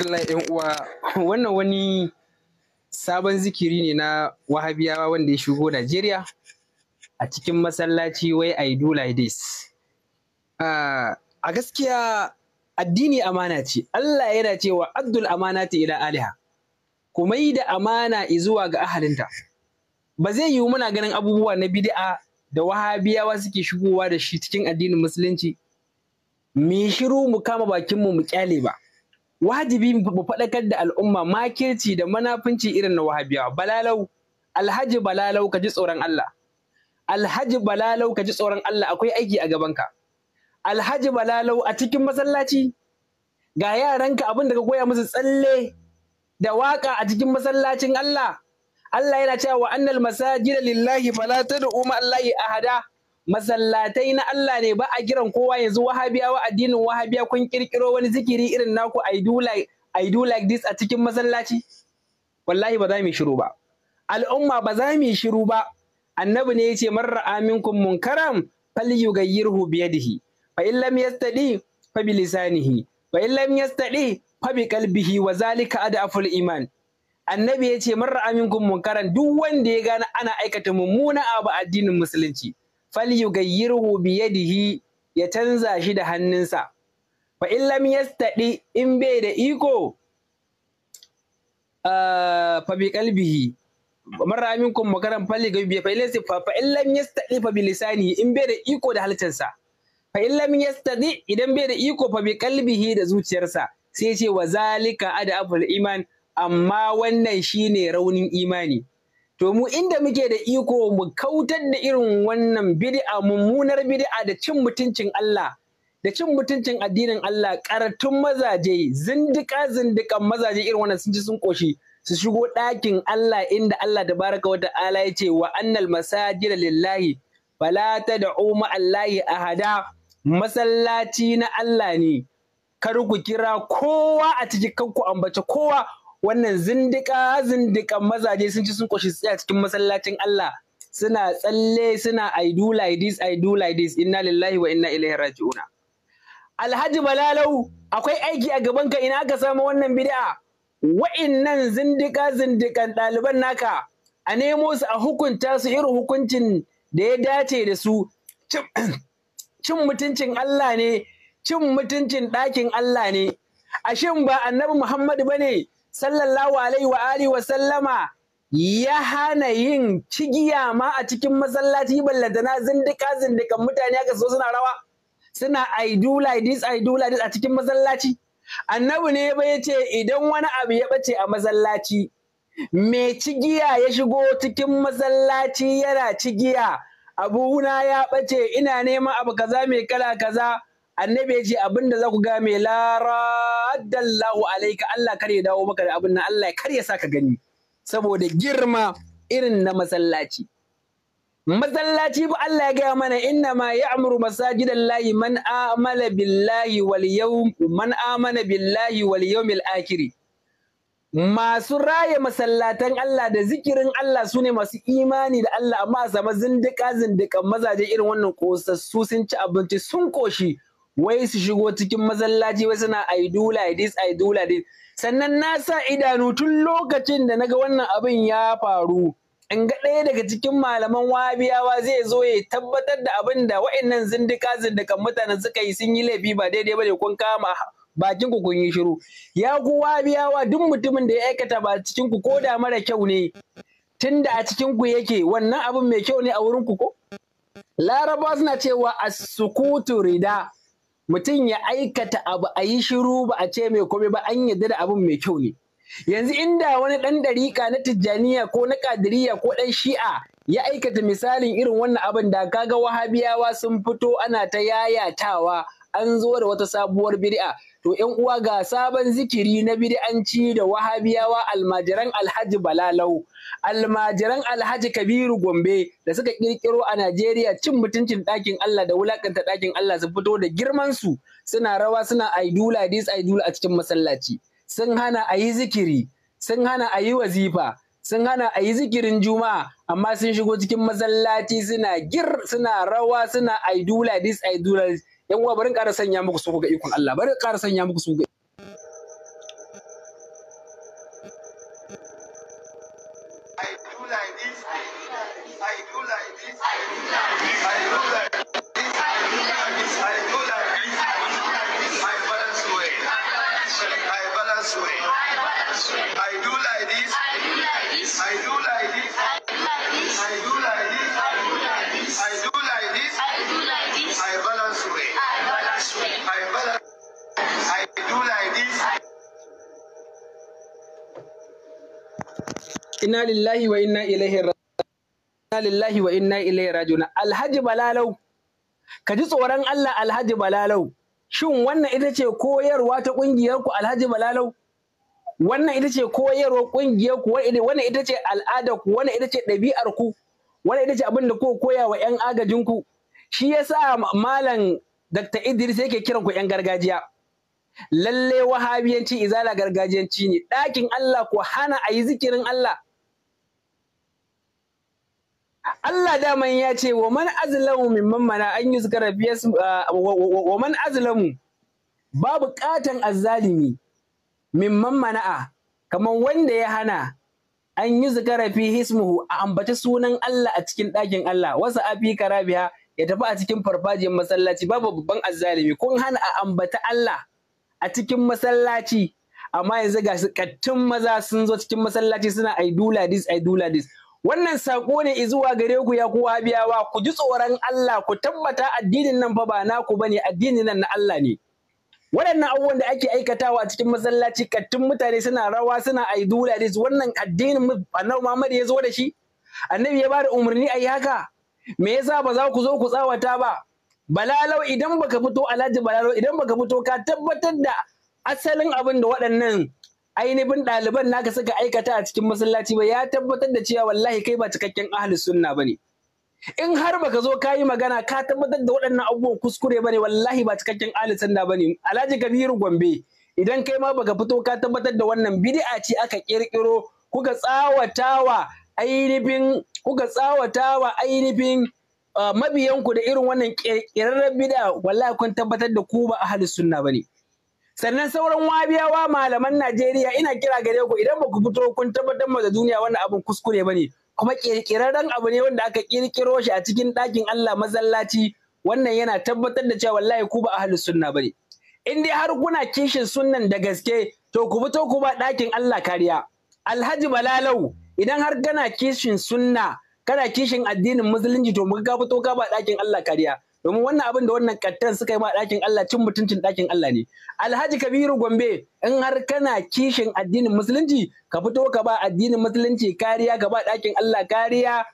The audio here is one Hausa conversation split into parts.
alhamdulillah yan uwa wannan wani sabon zikiri ne na wahabiyawa wanda ya shigo Najeriya a cikin masallaci wai I do like this. Ah, a gaskiya addini amana ce, Allah yana cewa Abdul amana ta ila aliha, kuma yi da amana zuwa ga ahalinta. Ba zai yiwu muna ganin abubuwa na bid'a da wahabiyawa suke shigowa da shi cikin addinin musulunci, mu shiru mu kama bakinmu mu kyale ba. wajibi mu faɗakar da al'umma makirci da manafinci irin na wahabiyawa balalau alhaji balalau ka ji tsoron Allah alhaji balalau ka ji tsoron Allah akwai aiki a gabanka alhaji balalau a cikin masallaci ga yaranka abin da ka koya musu tsalle da waka a cikin masallacin Allah Allah yana cewa annal masajida lillahi fala tad'u ma Allahi ahada masallatai na Allah ne ba a kiran kowa yanzu wahabiyawa addinin wahabiya kun kirkiro wani zikiri irin naku I do like I do like this a cikin masallaci wallahi ba za mu shiru ba al'umma ba za mu shiru ba annabi ne yace man ra'a minkum munkaram falyughayyirhu bi yadihi fa in lam yastadi fa bi lisanihi fa in lam yastadi fa bi qalbihi wa zalika adaful iman annabi yace man ra'a minkum munkaran duk wanda ya gane ana aikata mummuna abu addinin musulunci falyughayyirhu biyadihi ya canza shi da hannunsa fa in lam yastadi in bai da iko ah, fa bi qalbihi marra minkum makaran falli gabi fa ilaysa fa in lam yastadi fa bi lisani in bai da iko da halittarsa fa in lam yastadi idan bai da iko fa bi qalbihi da zuciyarsa sai ce wa zalika ada iman amma wannan shine raunin imani To mu inda muke da iko mu kautar da irin wannan bid'a mummunar bid'a da cin mutuncin Allah da cin mutuncin addinin Allah karatun mazaje zindika zindikan mazaje irin wannan sun ci sun koshi su shigo ɗakin Allah inda Allah da wa ta'ala ya ce wa annal masajida lillahi fala tad'u allahi ahada masallaci na Allah ne kar ku kira kowa a cikin kanku ambace kowa wannan zindika zindika mazaje sun ci sun koshi tsaya cikin masallacin Allah suna tsalle suna I do like this I do like this inna lillahi wa inna ilaihi raji'un Alhaji Balalau akwai aiki a gaban ka ina aka samu wannan bid'a wa'innan zindika zindikan ɗaliban naka a nemo su a hukunta su irin hukuncin da ya dace da su cin mutuncin Allah ne cin mutuncin ɗakin Allah ne ashin ba annabi Muhammadu bane sallallahu alaihi wa alihi wa sallama ya hana yin cigiya ma a cikin masallaci na zindika zindikan mutane aka so suna rawa suna I do like this I do like this a cikin masallaci annabi ne ya ce idan wani abu ya bace a masallaci mai cigiya ya shigo cikin masallaci yana cigiya abuna ya bace ina neman abu kaza mai kala kaza annabi ya ce abinda za ku ga mai laradallahu alaika Allah kar ya dawo maka da abin nan Allah ya kar ya sa ka gani saboda girma irin na masallaci masallaci ba Allah ya gaya mana inna ma ya'muru masajidallahi man amala billahi wal yawm man amana billahi wal yawmil akhir masu raya masallatan Allah da zikirin Allah sune masu imani da Allah amma a samu zindika zindikan mazaje irin wannan kosassu sun ci abinci sun koshi wai su shigo cikin masallaci wai suna I do like this I do like this sannan na sa idanu tun lokacin da naga wannan abin ya faru in ga ɗaya daga cikin malaman wabiyawa zai zo ya tabbatar da abin da wa'annan zindika zindikan mutanen suka yi sun yi laifi ba daidai ba ne kun kama bakin ku kun yi shiru ya ku wabiyawa duk mutumin da ya aikata ba cikin ku ko da mara kyau ne tun da a cikin ku yake wannan abin mai kyau ne a wurin ku ko Laraba suna cewa a sukutu rida mutum ya aikata abu a yi shiru ba a ce mai komai ba an yadda da abin mai kyau ne yanzu inda wani ɗan ɗariƙa na tijjaniya ko na ƙadiriya ko ɗan shi'a ya aikata misalin irin wannan abin da kaga wahabiyawa sun fito ana ta yayatawa an zo da wata sabuwar bid'a to yan uwa ga sabon zikiri na bid'anci da wahabiyawa almajiran alhaji balalau almajiran alhaji kabiru gombe da suka kirkiro a najeriya cin mutuncin ɗakin allah da wulakanta ɗakin allah su fito da girman su suna rawa suna aidula dis aidula a cikin masallaci sun hana a yi zikiri sun hana a yi wazifa sun hana a yi zikirin juma'a amma sun shigo cikin masallaci suna gir suna rawa suna aidula dis aidula yan uwa bari ƙara sanya muku su ga ikon Allah bari ƙara sanya muku su ga inna lillahi wa inna ilaihi inna lillahi wa inna ilaihi rajiun alhaji balalau ka ji tsoron Allah alhaji balalau shin wannan ita ce koyarwa ta kungiyar ku alhaji balalau wannan ita ce koyarwar kungiyar ku wannan ita ce al'ada ku wannan ita ce ɗabi'ar ku wannan ita ce abin da ku koya wa yan agajin ku shi yasa malam Dr. Idris yake kiran ku yan gargajiya lalle wahabiyanci izala gargajiyanci ne ɗakin Allah ko hana a yi zikirin Allah Allah daman ya ce wa man azlamu mimman mana an yi zikara uh, wa man azlamu babu katan azzalimi mimman mana'a kamar wanda ya hana an yi zikara fi hismuhu a ambata sunan Allah a cikin ɗakin Allah wasu afi karabiya ya tafi a cikin farfajiyar masallaci babu babban azzalimi kun hana a ambata Allah a cikin masallaci amma yanzu ga kattun maza sun zo cikin masallaci suna I dula this I do wannan sako ne zuwa gare ku ya kowa biyawa ku ji tsoron Allah ku tabbata addinin nan fa ba naku bane addinin nan na Allah ne waɗannan abubuwan da ake aikatawa a cikin masallaci kattun mutane suna rawa suna dula da wannan addinin annabi Muhammad ya zo da shi annabi ya bada umarni yi haka me yasa ba za ku zo ku tsawata ba balalau idan baka fito alhaji balalau idan baka fito ka tabbatar da asalin abin da waɗannan ainihin ɗaliban naka suka aikata a cikin masallaci ba ya tabbatar da cewa wallahi kai ba cikakken ahli sunna bane in har baka zo ka yi magana ka tabbatar da waɗannan abubuwan kuskure bane wallahi ba cikakken ahli sunna bane alhaji kabiru gombe idan kai ma baka fito ka tabbatar da wannan bid'a ce aka kirkiro kuka tsawatawa ainihin kuka tsawatawa ainihin Ah, ku da irin wannan ƙirƙirarren bida wallahi kun tabbatar da ku ba ahli sunna bane sannan sauran wabiyawa malaman Najeriya ina kira gare ku idan ba ku fito kun tabbatar da duniya wannan abin kuskure bane kuma ƙirƙirarren abu ne wanda aka kirkiro shi a cikin ɗakin Allah masallaci wannan yana tabbatar da cewa wallahi ku ba ahli sunna bane in dai har kuna kishin sunnan da gaske to ku fito ku ba ɗakin Allah kariya Alhaji Balalau idan har kana kishin sunna kana kishin addinin musulunci to muka ka fito ka ba ɗakin Allah kariya domin wannan abin da wannan kattan suka yi ma ɗakin Allah cin mutuncin ɗakin Allah ne Alhaji Kabiru Gombe in har kana kishin addinin musulunci ka fito ka ba addinin musulunci kariya ka ba ɗakin Allah kariya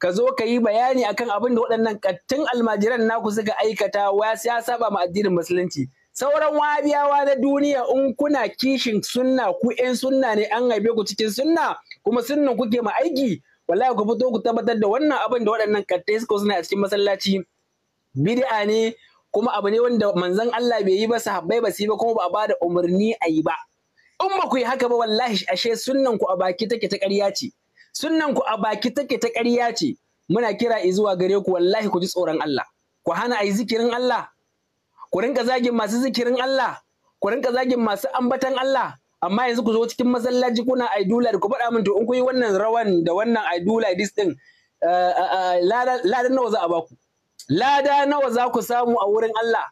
ka zo ka yi bayani akan abin da waɗannan kattun almajiran naku suka aikata wa ya saba ma addinin musulunci sauran wabiyawa na duniya in kuna kishin sunna ku 'yan sunna ne an haife ku cikin sunna kuma sunnan kuke ma aiki wallahi ku fito ku tabbatar da wannan abin da waɗannan kattai suka suna a cikin masallaci bid'a ne kuma abu ne wanda manzon Allah bai yi ba sahabbai ba su yi ba kuma ba a bada umarni a yi ba in ba ku yi haka ba wallahi ashe sunnan ku a baki take ta ƙarya ce sunnan ku a baki take ta ƙarya ce muna kira zuwa gare ku wallahi ku ji tsoron Allah ku hana ayi zikirin Allah ku rinka zagin masu zikirin Allah ku rinka zagin masu ambatan Allah amma yanzu ku zo cikin masallaci kuna aidula da ku faɗa min to in ku yi wannan rawan da wannan aidula dis din lada nawa za a baku lada nawa za ku samu a wurin Allah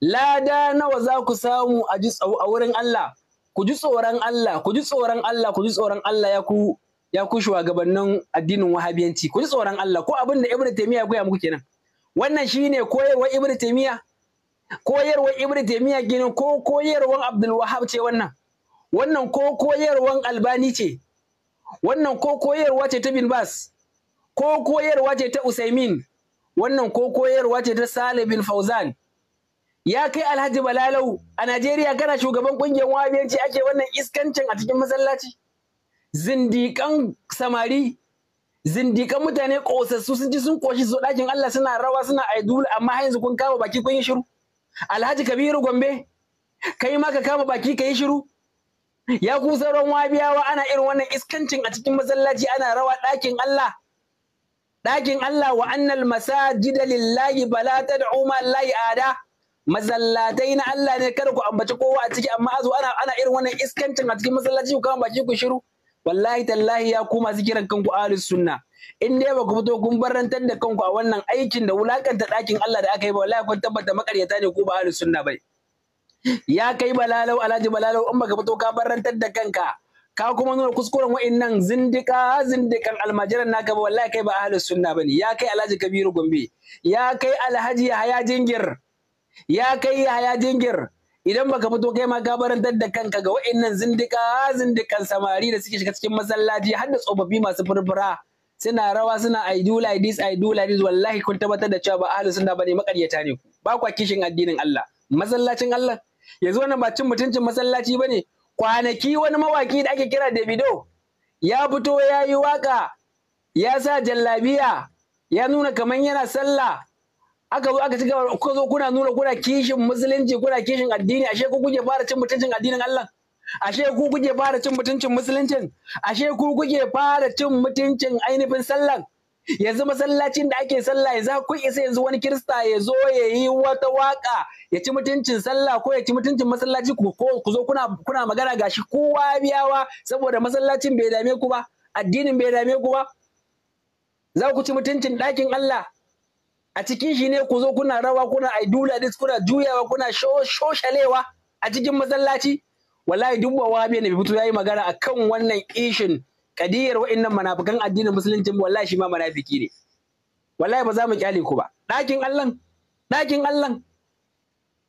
lada nawa za ku samu a wurin Allah ku ji tsoron Allah ku ji tsoron Allah ku ji tsoron Allah ya ku ya ku shugabannin addinin wahabiyanci ku ji tsoron Allah ko abin da Ibn Taymiyyah ya muku kenan wannan shine koyarwar Ibn Taymiyyah koyarwar Ibn Taymiyyah ginin ko koyarwar Abdul Wahhab ce wannan wannan ko koyarwan albani ce wannan ko koyarwa ce ta bin bas ko koyarwa ce ta usaimin wannan ko koyarwa ce ta sale bin fauzan ya kai alhaji balalau a najeriya kana shugaban kungiyar wahabiyanci ake wannan iskancin a cikin masallaci zindikan samari zindikan mutane ƙosassu sun ji sun ƙoshi su ɗakin Allah suna rawa suna aidul amma yanzu kun kama baki kun yi shiru alhaji kabiru gombe kai ma ka kama baki ka yi shiru ya ku sauran wabiyawa ana irin wannan iskancin a cikin masallaci ana rawa ɗakin Allah ɗakin Allah wa annal masajid lillahi bala tad'u ma lillahi ada masallatai na Allah ne kada ku ambaci kowa a ciki amma azu ana ana irin wannan iskancin a cikin masallaci ku kama baki ku shiru wallahi tallahi ya ku masu kiran kanku ahlus sunna in dai ba ku fito kun barantar da kanku a wannan aikin da wulakanta ɗakin Allah da aka yi ba wallahi kun tabbata makaryata ne ku ba ahlus sunna bai ya kai balalau alhaji balalau in baka fito ka barantar da kanka ka kuma nuna kuskuren wa'annan zindika zindikan almajiran naka ba wallahi kai ba ahli sunna bane ya kai alhaji kabiru gombe ya kai alhaji Yahaya jingir ya kai Yahaya jingir idan baka fito kai ma barantar da kanka ga wa'annan zindika zindikan samari da suke shiga cikin masallaci har da tsofaffi masu furfura suna rawa suna I do like this I do like this wallahi kun tabbatar da cewa ba ahli sunna bane makaryata ne ku ba kwa kishin addinin Allah masallacin Allah yanzu wannan ba cin mutuncin masallaci ba ne kwanaki wani mawaki da ake kira davido ya fito ya yi waka ya sa jallabiya ya nuna kamar yana sallah aka zo aka cigaba kuka zo kuna nuna kuna kishin musulunci kuna kishin addini ashe ku kuke fara cin mutuncin addinin Allah ashe ku kuke fara cin mutuncin musuluncin ashe ku kuke fara cin mutuncin ainihin sallan yanzu masallacin da ake sallah yanzu ku isa yanzu wani kirista ya zo ya yi wata waka ya ci mutuncin sallah ko ya ci mutuncin masallaci ku ku zo kuna kuna magana gashi kowa biyawa saboda masallacin bai dame ku ba addinin bai dame ku ba za ku ci mutuncin ɗakin Allah a cikin shi ne ku zo kuna rawa kuna dula dis kuna juyawa kuna shoshalewa a cikin masallaci wallahi duk ba wabe ne fito yayi magana akan wannan ishin kadiyar wa'annan munafikan addinin musulunci wallahi shi ma munafiki ne wallahi ba za mu kyale ku ba ɗakin Allah ɗakin Allah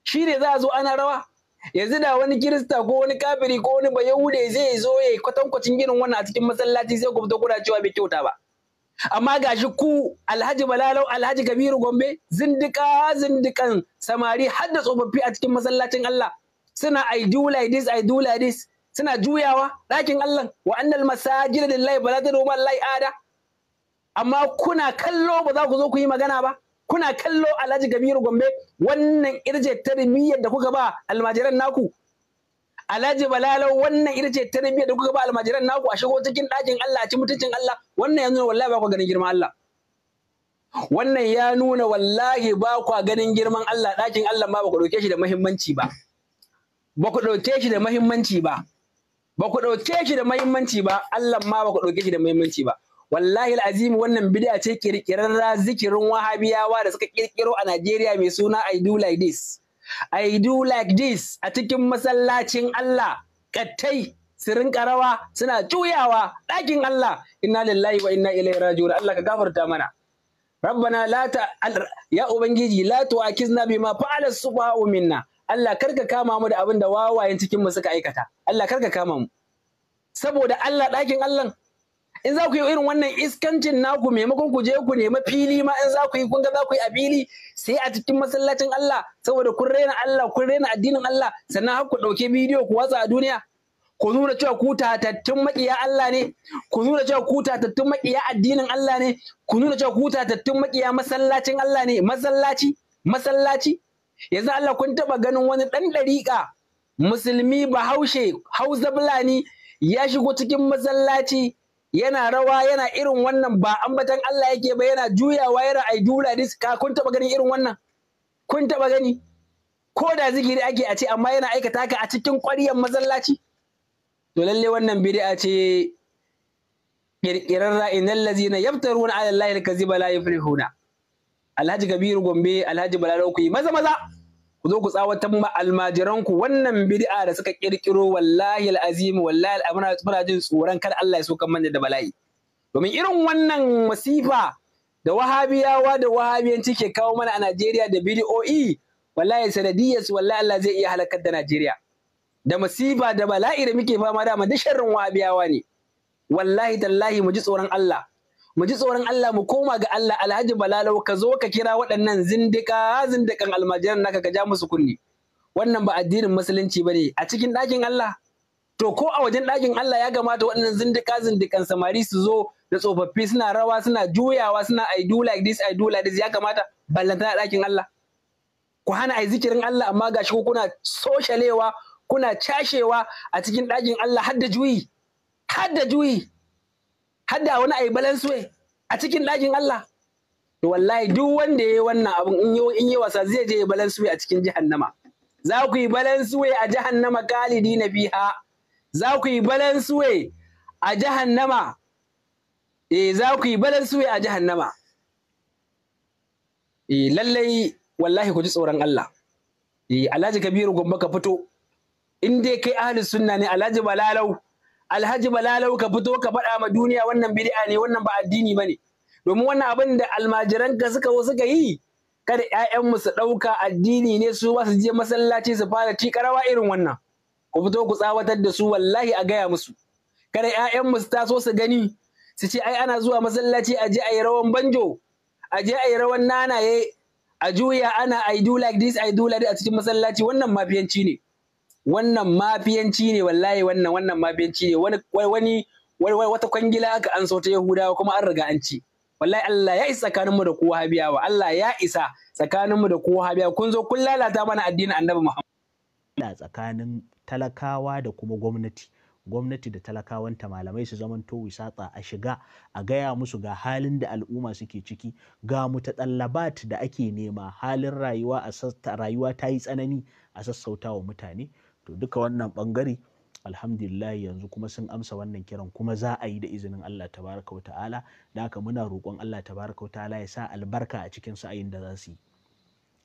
shi ne za a zo ana rawa yanzu da wani kirista ko wani kafiri ko wani bayahude zai zo yayi kwatankwacin ginin wannan a cikin masallaci sai ku fito kuna cewa bai kyauta ba amma gashi ku alhaji balalau alhaji kabiru gombe zindika zindikan samari har da tsofaffi a cikin masallacin Allah suna i do like this i do like this suna juyawa ɗakin Allah wa annal masajida lillahi ba za ta doma lai ada amma kuna kallo ba za ku zo ku yi magana ba kuna kallo Alhaji Kabiru Gombe wannan irje tarbiyyar da kuka ba almajiran naku Alhaji Balalo wannan irje tarbiyyar da kuka ba almajiran naku a shigo cikin ɗakin Allah a ci mutuncin Allah wannan yanzu wallahi ba ku ganin girman Allah wannan ya nuna wallahi ba ku ganin girman Allah ɗakin Allah ma ba ku ɗauke shi da muhimmanci ba ba ku ɗauke shi da muhimmanci ba ba ku ɗauke shi da mahimmanci ba Allah ma ba ku ɗauke shi da mahimmanci ba wallahi azimi wannan bid'a ce kirkirarra zikirin wahabiyawa da suka kirkiro a Najeriya mai suna I do like this I do like this a cikin masallacin Allah kattai su rinka rawa suna juyawa ɗakin Allah inna lillahi wa inna ilaihi raji'un Allah ka gafarta mana rabbana la ta ya ubangiji la tu'akizna bima fa'ala subha'u minna Allah karka kama mu da abin da wawayen cikin mu suka aikata Allah karka kama mu saboda Allah ɗakin Allah in za ku yi irin wannan iskancin naku maimakon ku je ku nemi fili ma in za ku yi kun ga za ku yi a fili sai a cikin masallacin Allah saboda kun raina Allah kun raina addinin Allah sannan har ku ɗauke bidiyo ku watsa a duniya ku nuna cewa ku tatattun maƙiya Allah ne ku nuna cewa ku tatattun maƙiya addinin Allah ne ku nuna cewa ku tatattun maƙiya masallacin Allah ne masallaci masallaci yanzu Allah kun taba ganin wani ɗan ɗariƙa musulmi bahaushe hausa bulani ya shigo cikin masallaci yana rawa yana irin wannan ba ambatan Allah yake ba yana juyawa a yi dula diska kun taɓa ganin irin wannan kun taɓa gani ko da zikiri ake a ce amma yana aikata ka a cikin ƙwaryar masallaci to lalle wannan bid'a ce kirkirar ra'ayin allazina yaftaruna ala allahi alkaziba la yuflihuna Alhaji Kabiru Gombe, Alhaji Balalo ku yi maza maza. Ku zo ku tsawatar ma almajiranku wannan bid'a da suka kirkiro wallahi al'azim wallahi al'amuna muna jin tsoron kada Allah ya sokan manja da bala'i. Domin irin wannan masifa da wahabiyawa da wahabiyanci ke kawo mana a Najeriya da bidi'o'i wallahi sanadiyyarsu. wallahi Allah zai iya halakar da Najeriya. Da masifa da bala'i da muke fama dama da sharrin wahabiyawa ne. Wallahi tallahi mu ji tsoron Allah. mu ji tsoron Allah mu koma ga Allah Alhaji Balalau ka zo ka kira waɗannan zindika zindikan almajiran naka ka ja musu kunni wannan ba addinin musulunci ne, a cikin ɗakin Allah to ko a wajen ɗakin Allah ya gamata waɗannan zindika zindikan samari su zo da tsofaffi suna rawa suna juyawa suna I do like this I do like this ya kamata ballanta ɗakin Allah ku hana ai zikirin Allah amma gashi ko kuna soshalewa kuna cashewa a cikin ɗakin Allah har da juyi har da juyi hadda wani ayi balance way a cikin ɗakin Allah to wallahi duk wanda yayi wannan abun in yi in yi wasa zai je balance way a cikin jahannama za ku yi balance way a jahannama kalidina biha za ku yi balance way a jahannama eh za ku yi balance way a jahannama eh lallai wallahi ku ji tsoron Allah eh Alhaji Kabiru Gombe ka fito in dai kai ahlus sunna ne Alhaji Balalau alhaji balalau ka fito ka faɗa ma duniya wannan bid'a ne wannan ba addini ba ne domin wannan abin da ka suka wo suka yi kada ‘ya'yanmu su ɗauka addini ne su ba su je masallaci su fara ci karawa irin wannan ku fito ku tsawatar da su wallahi a gaya musu kada ‘ya'yanmu su taso su gani su ce ai ana zuwa masallaci a je a yi rawan banjo a je a yi rawan nanaye a juya ana i do like this i do like this a cikin masallaci wannan mafiyanci ne wannan mafiyanci ne wallahi wannan wannan mafiyanci ne wani wata kwangila aka an ta yahudawa kuma an riga an ci wallahi Allah ya isa tsakaninmu da kowa habiyawa Allah ya isa tsakaninmu da kowa habiya kun zo kun lalata mana addinin annabi Muhammad tsakanin talakawa da kuma gwamnati gwamnati da talakawan ta malamai su zamanto wisatsa a shiga a gaya musu ga halin da al'umma suke ciki ga tsallabat da ake nema halin rayuwa a rayuwa ta yi tsanani a sassautawa mutane to duka wannan bangare alhamdulillah yanzu kuma sun amsa wannan kiran kuma za a yi da izinin Allah tabaraka wata'ala da haka muna roƙon Allah tabaraka wata'ala ya sa albarka a cikin sa'ayin da za su yi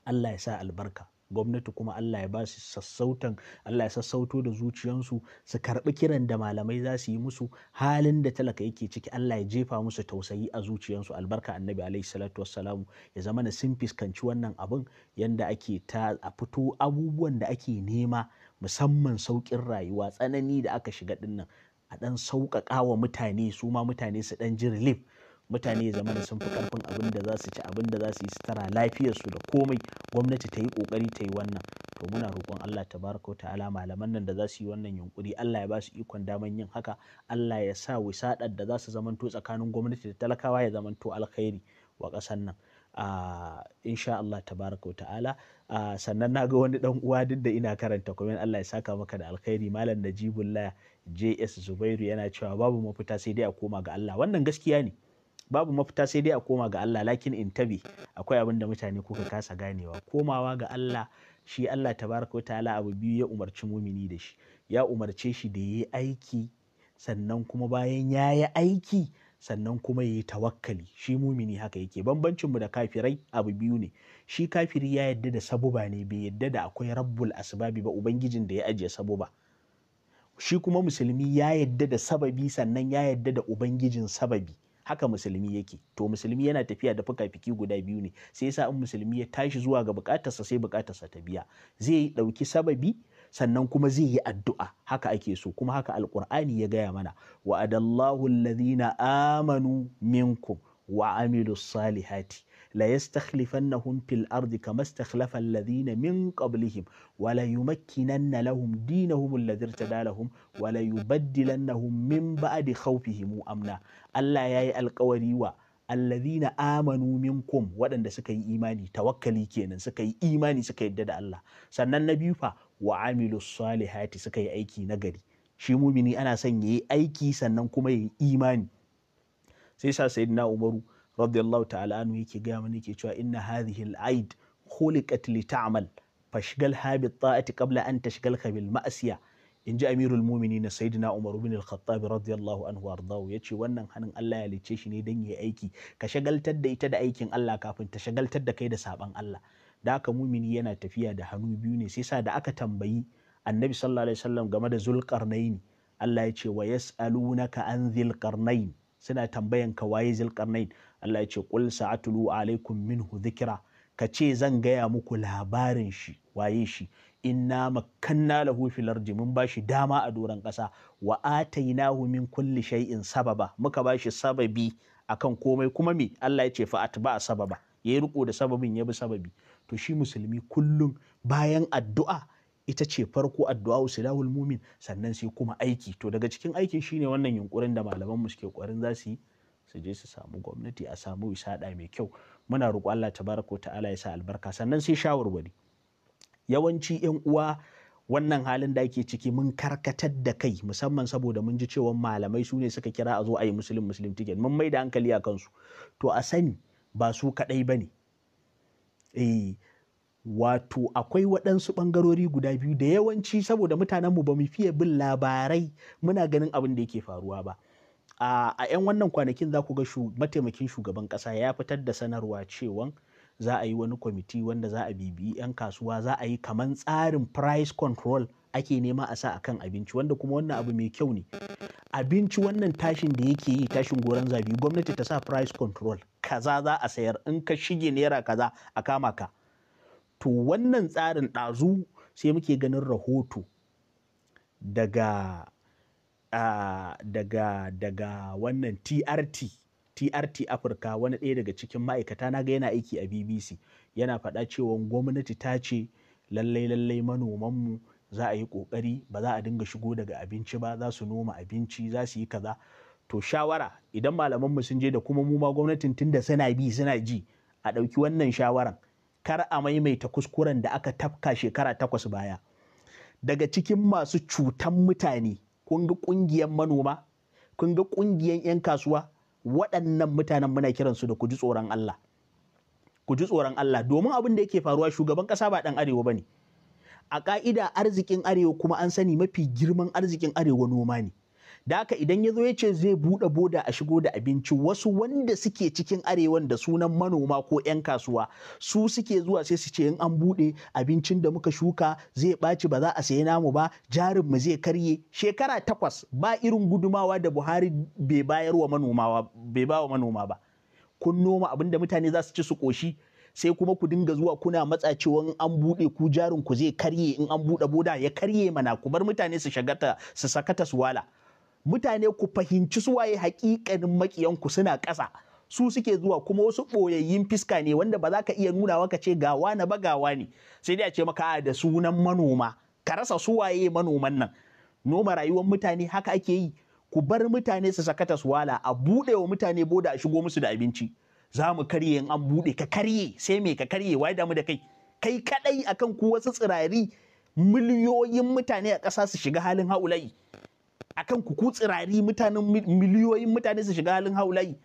Allah ya sa albarka gwamnati kuma Allah ya ba su sassautan Allah ya sassauto da zuciyansu su karbi kiran da malamai za su yi musu halin da talaka yake ciki Allah ya jefa musu tausayi a zuciyansu albarka annabi alaihi salatu wassalamu ya zama na sun fiskanci wannan abun yanda ake ta a fito abubuwan da ake nema musamman sauƙin rayuwa tsanani da aka shiga dinnan a ɗan sauƙaƙa wa mutane su ma mutane su ɗan ji relief mutane ya zama da sun fi ƙarfin abin da za su ci abin da za su yi tara lafiyarsu da komai gwamnati ta yi ƙoƙari ta yi wannan to muna roƙon Allah ta tabaraka ta'ala malaman nan da za su yi wannan yunkuri Allah ya ba su ikon daman yin haka Allah ya sa wisaɗar da za su zamanto tsakanin gwamnati da talakawa ya zamanto alkhairi wa ƙasar nan ah, insha Allah tabaraka ta'ala Ah, sannan na ga wani dan uwa duk da ina karanta in Allah ya saka maka da alkhairi malam najibullah js zubairu yana cewa babu mafita sai dai a koma ga Allah wannan gaskiya ne babu mafita sai dai a koma ga Allah lakin in tabi akwai abin da mutane kuka kasa ganewa komawa ga Allah shi Allah tabaraka wa ta'ala abu biyu ya umarci mumini da shi ya umarce shi da yayi aiki sannan kuma bayan yayi aiki sannan kuma ya yi tawakkali shi mumini haka yake bambancin mu da kafirai abu biyu ne shi kafiri ya yadda da sabuba ne bai yadda da akwai rabbul asbabi ba ubangijin da ya ajiye sabuba shi kuma musulmi ya yadda da sababi sannan ya yadda da ubangijin sababi haka musulmi yake to musulmi yana tafiya da fikafiki guda biyu ne sai yasa in musulmi ya tashi zuwa ga bukatarsa sai bukatarsa ta biya zai ɗauki sababi sannan kuma zai yi addu'a haka ake so kuma haka alkur'ani ya gaya mana wa'adallahu alladhina amanu minkum wa amilu salihati la yastakhlifannahum fil ardi kama istakhlafa alladhina min qablihim wa la yumakkinanna lahum dinahum alladhi irtadalahum wa la yubaddilannahum min ba'di khawfihim amna Allah yayi alƙawari wa alladhina amanu minkum waɗanda suka yi imani tawakkali kenan suka yi imani suka yadda da Allah sannan na fa wa amilu salihati suka yi aiki na gari shi mumini ana son ya yi aiki sannan kuma ya yi imani sai sa sayyidina umaru radiyallahu ta'ala anhu yake gaya mana yake cewa inna hadhihi al-aid khuliqat li ta'mal fa shigal bi ta'ati qabla an ka bil ma'siya inji amirul mu'minin sayyidina umar ibn al-khattab radiyallahu anhu wardahu yace wannan hannun Allah ya lice shi ne dan yayi aiki ka shagaltar da ita da aikin Allah kafin ta shagaltar da kai da saban Allah da aka mumini yana tafiya da hannu biyu ne sai sa da aka tambayi annabi sallallahu alaihi wasallam game da zulqarnain Allah ya ce wa yas'alunaka an zulqarnain suna tambayan ka waye zulqarnain Allah ya ce qul sa'atulu alaikum minhu dhikra ka ce zan gaya muku labarin shi waye shi inna makanna lahu fil ardi mun bashi dama a doran kasa wa atainahu min kulli shay'in sababa muka bashi sababi akan komai kuma me Allah ya ce fa atba sababa yayi riko da sababin ya bi sababi to shi musulmi kullum bayan addu'a ita ce farko addu'a usilahul mumin sannan sai kuma aiki to daga cikin aikin shine wannan yunkurin da malaman mu suke kwarin za su yi su je su samu gwamnati a samu isada mai kyau muna roƙo Allah tabaraka ta'ala ya sa albarka sannan sai shawarwari yawanci yan uwa wannan halin da ake ciki mun karkatar da kai musamman saboda mun ji cewa malamai su ne suka kira a zo a yi musulun musulun ticket mun mai hankali a kansu to a sani ba su kaɗai ba ne eh wato akwai waɗansu ɓangarori guda biyu da yawanci saboda mutanenmu ba mu fiye bin labarai muna ganin abin da yake faruwa ba a 'yan wannan kwanakin za ku ga mataimakin shugaban ƙasa ya fitar da sanarwa cewan za a yi wani kwamiti wanda za a bibiyi 'yan kasuwa za a yi kamar tsarin price control ake nema a sa akan abinci wanda kuma wannan abu mai kyau ne abinci wannan tashin da yake yi tashin goron zabi gwamnati ta sa price control kaza za a sayar in ka shige naira kaza a kama ka to wannan tsarin ɗazu sai muke ganin rahoto daga ah, daga daga wannan trt TRT Africa wani ɗaya daga cikin ma'aikata na ga yana aiki a BBC yana faɗa cewa gwamnati ta ce lallai lallai manomanmu za a yi ƙoƙari ba za a dinga shigo daga abinci ba za su noma abinci za su yi kaza to shawara idan malamanmu sun je da kuma mu ma gwamnatin tunda suna bi suna ji a ɗauki wannan shawaran kar a maimaita kuskuren da aka tafka shekara takwas baya daga cikin masu cutan mutane kun ga ƙungiyar manoma kun ga ƙungiyar 'yan kasuwa waɗannan mutanen muna kiransu da ku ji tsoron Allah ku ji tsoron Allah domin abin da yake faruwa shugaban ƙasa ba ɗan arewa ba ne a ƙa'ida arzikin arewa kuma an sani mafi girman arzikin arewa noma ne da haka idan ya zo ya ce zai buɗe boda a shigo da abinci wasu wanda suke cikin arewan da sunan manoma ko 'yan kasuwa su suke zuwa sai su ce in an buɗe abincin da muka shuka zai ɓaci ba za a sayi namu ba jarin mu zai karye shekara takwas ba irin gudumawa da buhari bai bayar wa manoma ba wa manoma kun noma abin da mutane za su ci su koshi sai kuma ku dinga zuwa kuna matsa cewa in an buɗe ku jarin ku zai karye in an buɗe boda ya karye mana ku bar mutane su shagata su sakata su wala mutane ku fahimci su waye hakikanin makiyanku suna ƙasa su suke zuwa kuma wasu ɓoyayyin fiska ne wanda ba za ka iya nunawa ka ce gawa na ba gawa ne sai dai a ce maka da sunan manoma ka rasa su waye manoman nan noma rayuwar mutane haka ake yi ku bar mutane su sakata su wala a buɗe wa mutane boda a shigo musu da abinci za mu karye in an buɗe ka karye sai me ka karye wai damu da kai kai kadai akan ku wasu tsirari miliyoyin mutane a ƙasa su shiga halin haulayi akan ku kutsirari mutanen miliyoyin mutane su shiga halin haulayi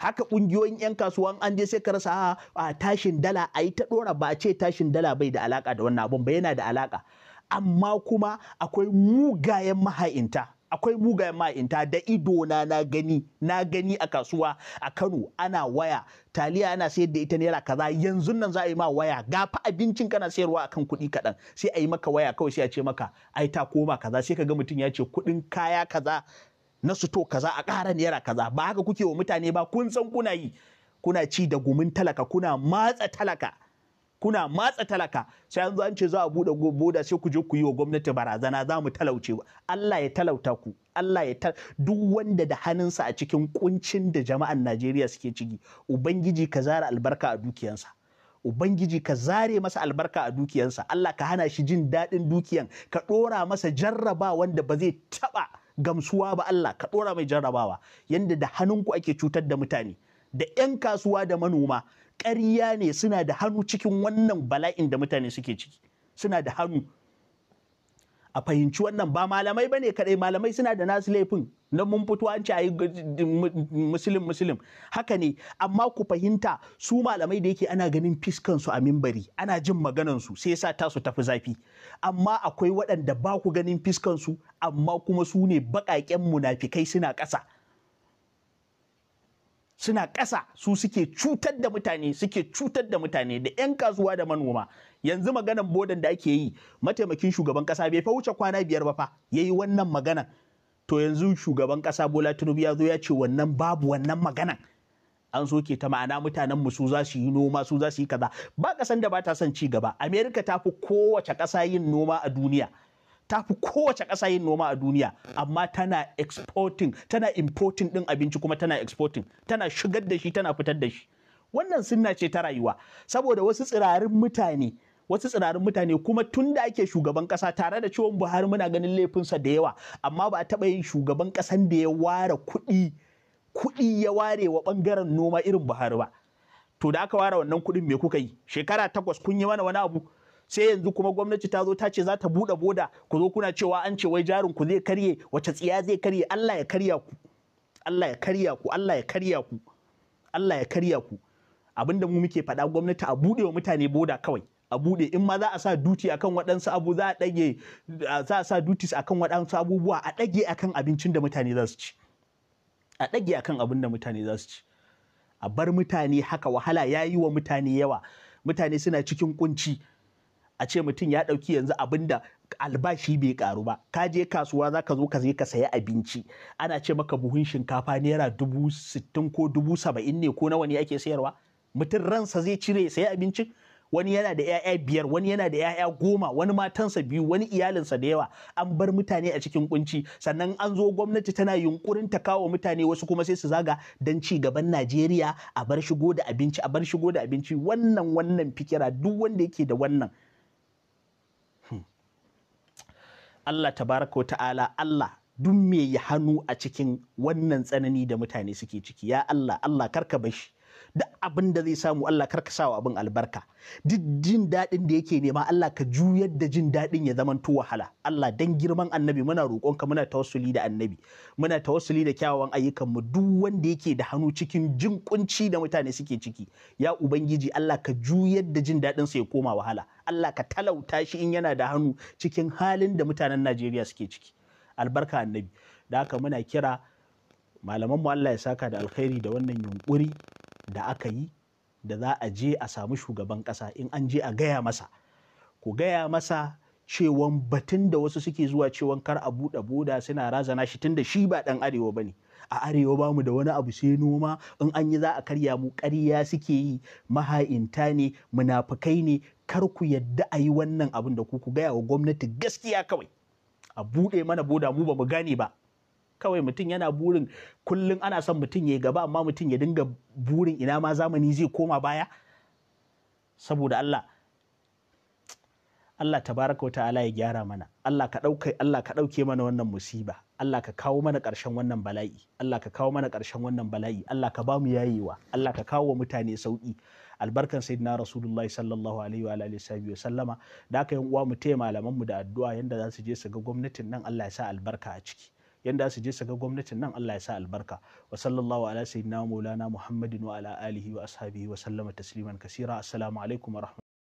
haka kungiyoyin 'yan kasuwan an je sai ka rasa a tashin dala a yi ta dora ba a ce tashin dala bai da alaka da wannan abun ba yana da alaka amma kuma akwai mugayen maha'inta akwai mugayen ma'inta da ido na na gani na gani a kasuwa a Kano ana waya taliya ana sayar da ita naira kaza yanzu nan za a yi ma waya gafa abincin kana sayarwa akan kuɗi kaɗan sai a yi maka waya kawai sai a ce maka ai ta koma kaza sai ka ga mutum ya ce kuɗin kaya kaza na suto kaza a ƙara naira kaza ba haka kuke wa mutane ba kun san kuna yi kuna ci da gumin talaka kuna matsa talaka kuna matsa talaka sai an an ce za a buɗe boda sai ku je ku yi wa gwamnati barazana za mu talauce Allah ya talauta ku Allah ya duk wanda da hannunsa a cikin kuncin da jama'an Najeriya suke ciki ubangiji ka zara albarka a dukiyansa Ubangiji ka zare masa albarka a dukiyansa, Allah ka hana shi jin daɗin dukiyan, ka ɗora masa jarraba wanda ba zai taɓa gamsuwa ba Allah, ka ɗora mai jarrabawa, yanda da hannunku ake cutar da mutane, da ‘yan kasuwa da manoma, ƙarya ne suna da hannu cikin wannan bala'in da mutane suke ciki suna da hannu a fahimci wannan ba malamai ba ne kadai malamai suna da nasu laifin na mun fito an ce a yi musulun musulun haka ne amma ku fahimta su malamai da yake ana ganin fiskansu a mimbari ana jin maganansu sai sa tasu tafi zafi amma akwai waɗanda ba ku ganin fiskansu amma kuma su ne baƙaƙen munafikai suna ƙasa suna ƙasa su suke cutar da mutane suke cutar da mutane da 'yan kasuwa da manoma yanzu maganan bodan da ake yi mataimakin shugaban ƙasa bai fa wuce kwana biyar ba fa ya yi wannan maganan to yanzu shugaban ƙasa bola tinubu ya zo ya ce wannan babu wannan maganan an soke ta ma'ana mutanen mu su za su yi noma su za su yi kaza ba ƙasan da ba ta son ci gaba amerika ta fi kowace ƙasa yin noma a duniya ta fi kowace ƙasa yin noma a duniya amma tana exporting tana importing din abinci kuma tana exporting tana shigar da shi tana fitar da shi wannan sunna ce ta rayuwa saboda wasu tsirarin mutane wasu tsirarin mutane kuma tun da ake shugaban kasa tare da ciwon buhari muna ganin laifinsa da yawa amma ba a taɓa yin shugaban kasan da ya ware kuɗi kuɗi ya ware wa ɓangaren noma irin buhari ba to da aka ware wannan kuɗin me kuka yi shekara takwas kun yi mana wani abu sai yanzu kuma gwamnati ta zo ta ce za ta buɗe boda ku zo kuna cewa an ce wai jarin ku zai karye wace tsiya zai karye Allah ya karya ku Allah ya karya ku Allah ya karya ku Allah ya karya ku abinda mu muke faɗa gwamnati a buɗe wa mutane boda kawai a buɗe in ma za a sa duti akan waɗansu abu za a ɗage za a sa dutis akan waɗansu abubuwa a ɗage akan abincin da mutane za su ci a ɗage akan abin da mutane za su ci a bar mutane haka wahala ya yi wa mutane yawa mutane suna cikin kunci a ce mutum ya ɗauki yanzu abin da albashi bai ƙaru ba ka je kasuwa za ka zo ka je ka saya abinci ana ce maka buhun shinkafa naira dubu sittin ko dubu saba'in ne ko na wani ake sayarwa mutum ransa zai cire saya abincin wani yana da 'ya'ya biyar wani yana da 'ya'ya goma wani matansa biyu wani iyalinsa da yawa an bar mutane a cikin kunci sannan an zo gwamnati tana yunkurin ta kawo mutane wasu kuma sai su zaga don ci gaban najeriya a bar shigo da abinci a bar shigo da abinci wannan wannan fikira duk wanda yake da wannan Allah tabaraka wa ta'ala Allah duk me ya hannu a cikin wannan tsanani da mutane suke ciki ya Allah Allah karka bashi duk abin da zai samu Allah kar ka sawa abin albarka duk jin daɗin da yake nema Allah ka juyar da jin daɗin ya zaman to wahala Allah dan girman annabi muna roƙonka muna tawassuli da annabi muna tawassuli da kyawawan ayyukan mu duk wanda yake da hannu cikin jin kunci da mutane suke ciki ya ubangiji Allah ka juyar da jin daɗin sa ya koma wahala Allah ka talauta shi in yana da hannu cikin halin da mutanen Najeriya suke ciki albarka annabi da haka muna kira malamanmu Allah ya saka da alkhairi da wannan yunkuri da aka yi da za a je a samu shugaban ƙasa in an je a gaya masa ku gaya masa cewan batun da wasu suke zuwa cewan kar a buɗe boda suna razana shi tun da shi ba ɗan arewa ba ne a arewa ba mu da wani abu sai noma in an yi za a karya mu ƙarya suke yi maha'inta ne munafukai ne kar ku yadda a yi wannan abin da ku ku gaya wa gwamnati gaskiya kawai a buɗe mana boda mu ba mu gane ba kawai mutum yana burin kullum ana son mutum ya gaba amma mutum ya dinga burin ina ma zamani zai koma baya saboda Allah Allah tabaraka wa ta'ala ya gyara mana Allah ka ɗauke Allah ka dauke mana wannan musiba Allah ka kawo mana ƙarshen wannan bala'i Allah ka kawo mana karshen wannan bala'i Allah ka ba mu yayewa Allah ka kawo wa mutane sauki albarkan sayyidina rasulullah sallallahu alaihi wa alihi wa sallama da aka yi uwa mu taya malaman mu da addu'a yanda za su je su ga gwamnatin nan Allah ya sa albarka a ciki yanda su je su ga gwamnatin nan Allah ya sa albarka wa sallallahu ala sayyidina maulana muhammadin wa ala alihi wa ashabihi wa sallama tasliman kasira assalamu alaikum